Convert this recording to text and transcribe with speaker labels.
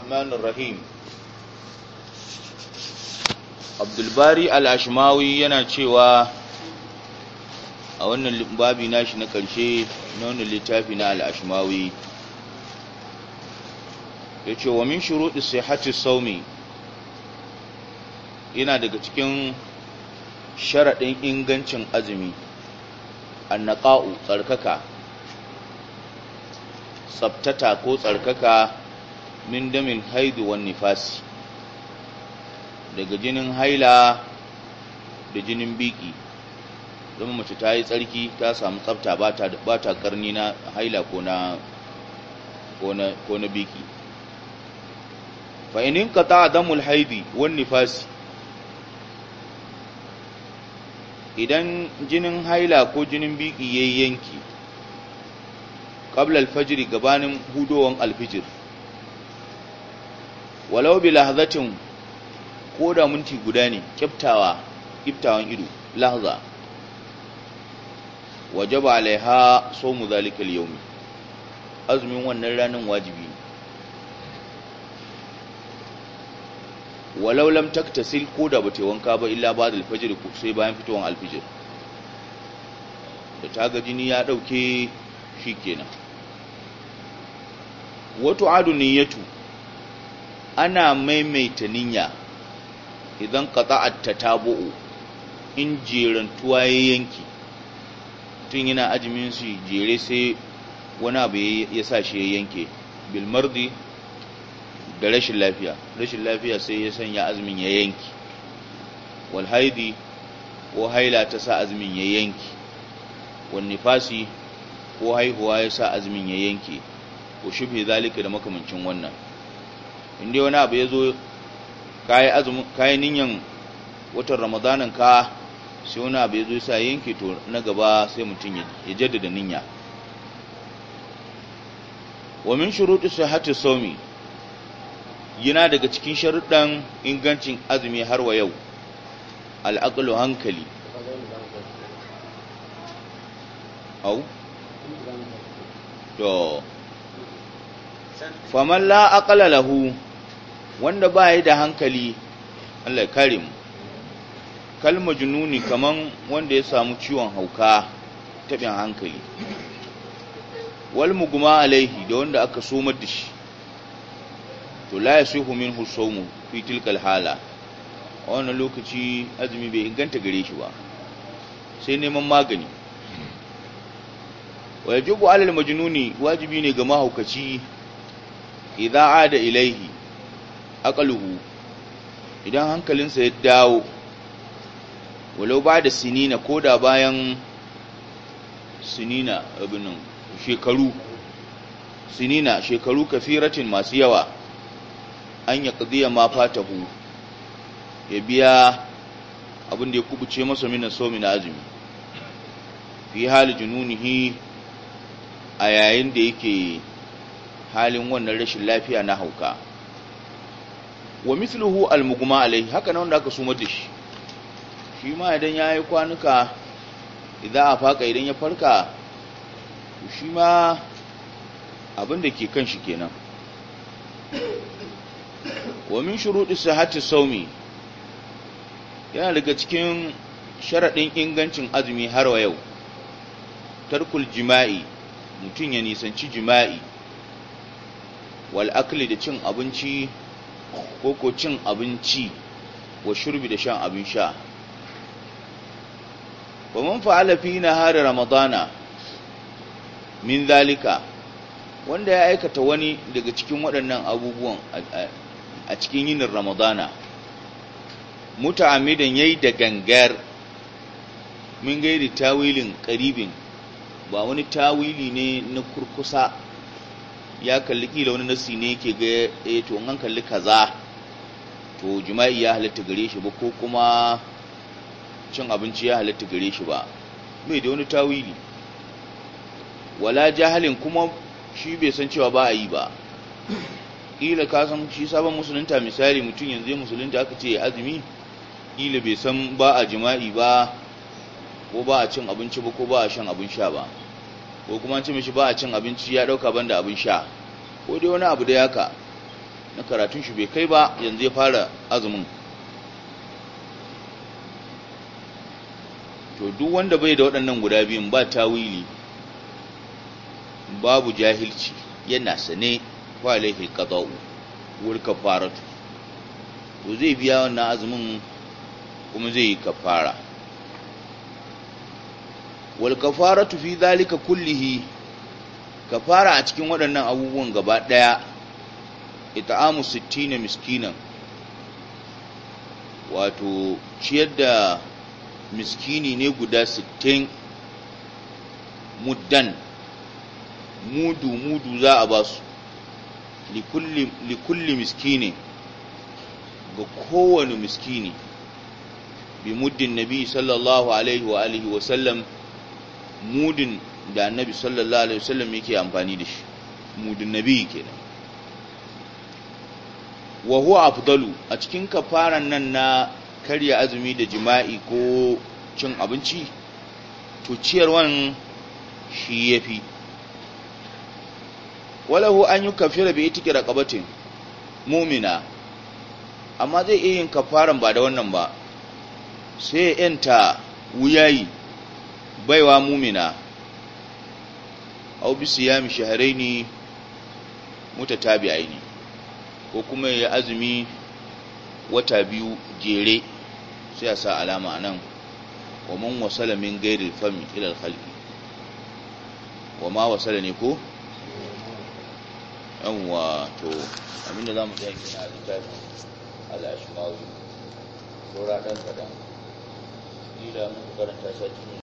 Speaker 1: الرحمن الرحيم عبد الباري الاشماوي yana cewa a wannan babi nashi na karshe na wannan littafi na al-ashmawi yace wa min shuruɗi sihhati sawmi yana daga cikin sharaɗin ingancin azumi annaqa'u tsarkaka tsaftata ko tsarkaka min damin haidu wan nifasi daga jinin haila da jinin biki zama mace ta yi tsarki ta samu tsafta ba ta karni na haila ko na biki fa'inin ka ta damul haidi wan nifasi idan jinin haila ko jinin biki ya yanki ƙablal fajiri gabanin hudowan alfijir walau bi lahzatin ko da minti guda ne kiftawa kiftawan ido lahza wajaba alaiha sawmu zalika yawmi azumin wannan ranar wajibi walau lam taktasil ko da bata wanka ba illa ba da ko sai bayan fitowar alfijir da ta ga jini ya dauke shikenan wato adu niyyatu ana maimaita niyya idan ka ta bu'u in jerantuwa ya yanki tun yana ajimin su jere sai wani abu ya sa shi ya yanke bilmardi da rashin lafiya rashin lafiya sai ya sanya azumin ya yanki walhaidi ko haila ta sa azumin ya yanki wannifasi ko haihuwa ya sa azumin ya yanki ko shubhe zalika da makamancin wannan inda wani abu ya zo kayi ninyan watan ramadanin ka sai wani abu ya zo sa yanke to na gaba sai mutum ya jaddada niyya. wamin min sai sihhati somi yana daga cikin sharuɗan ingancin azumi har wa yau al'aqlu hankali au to famalla la wanda ba ya da hankali Allah ya kare mu kalma jununi kaman wanda ya samu ciwon hauka tabin hankali wal muguma alaihi da wanda aka somar da shi to la yasihu minhu sawmu fi tilkal hala a wannan lokaci azumi bai inganta gare shi ba sai neman magani wajibu alal majnuni wajibi ne ga mahaukaci idza ada ilaihi aqluhu idan hankalinsa ya dawo walau ba da sinina ko da bayan sinina shekaru sinina shekaru kafiratin masu yawa an ya ƙaddiya ma fatahu ya biya abin ya kubuce masa mina so mina azumi fi hali jununihi a yayin da yake halin wannan rashin lafiya na hauka wa mithluhu almugma alaihi haka nan wanda aka sumar da shi shi ma idan ya kwanuka idan a faka idan ya farka shi ma abin da ke kan shi kenan wa min shuruɗi sahati saumi yana daga cikin sharaɗin ingancin azumi har wa yau tarkul jima'i mutum ya nisanci jima'i wal akli da cin abinci ko ko cin abinci wa shurbi da shan abin sha wa man fa'ala fi nahari ramadana min zalika wanda ya aikata wani daga cikin waɗannan abubuwan a cikin yin ramadana muta'amidan yayi da gangar min gairi tawilin qaribin ba wani tawili ne na kurkusa ya kalli kila wani nasi ne ke ga eh to an kalli kaza to jima'i ya halatta gare shi ba ko kuma cin abinci ya halatta gare shi ba mai da wani tawili wala jahalin kuma shi bai san cewa ba a yi ba ƙila ka san shi sabon musulunta misali mutum yanzu musulunta aka ce azumi ƙila bai san ba a jima'i ba ko ba a cin abinci ba ko ba a shan abin sha ba ko kuma an ce mishi ba a cin abinci ya dauka banda abin sha ko dai wani abu da yaka na karatun shi bai kai ba yanzu ya fara azumin to duk wanda bai da waɗannan guda biyun ba tawili babu jahilci yana sane fa qada'u wal kafaratu to zai biya wannan azumin kuma zai yi kafara wal kafaratu fi zalika kullihi kafara a cikin waɗannan abubuwan gaba ɗaya ita'amu sittina miskinan wato ciyar da miskini ne guda sittin muddan mudu mudu za a basu likulli miskini ga kowane miskini bi muddin nabi sallallahu alaihi wa alihi wa sallam mudin da annabi sallallahu alaihi wasallam yake amfani da shi mudin nabi kenan wa huwa afdalu a cikin kafaran nan na karya azumi da jima'i ko cin abinci to ciyarwan shi yafi walahu an yi kafira bai tike raqabatin mumina amma zai iya yin kafaran ba da wannan ba sai ya yanta wuyayi baiwa mumina au bisu ya bi siyami tabi aini ko kuma ya azumi wata biyu jere sai a sa alama nan wa man wasala min gairi fami ila al-khalqi wa ma wasala ne ko yawwa to abinda zamu iya kina littafin al-ashmawi saura dan kadan ila mun karanta shi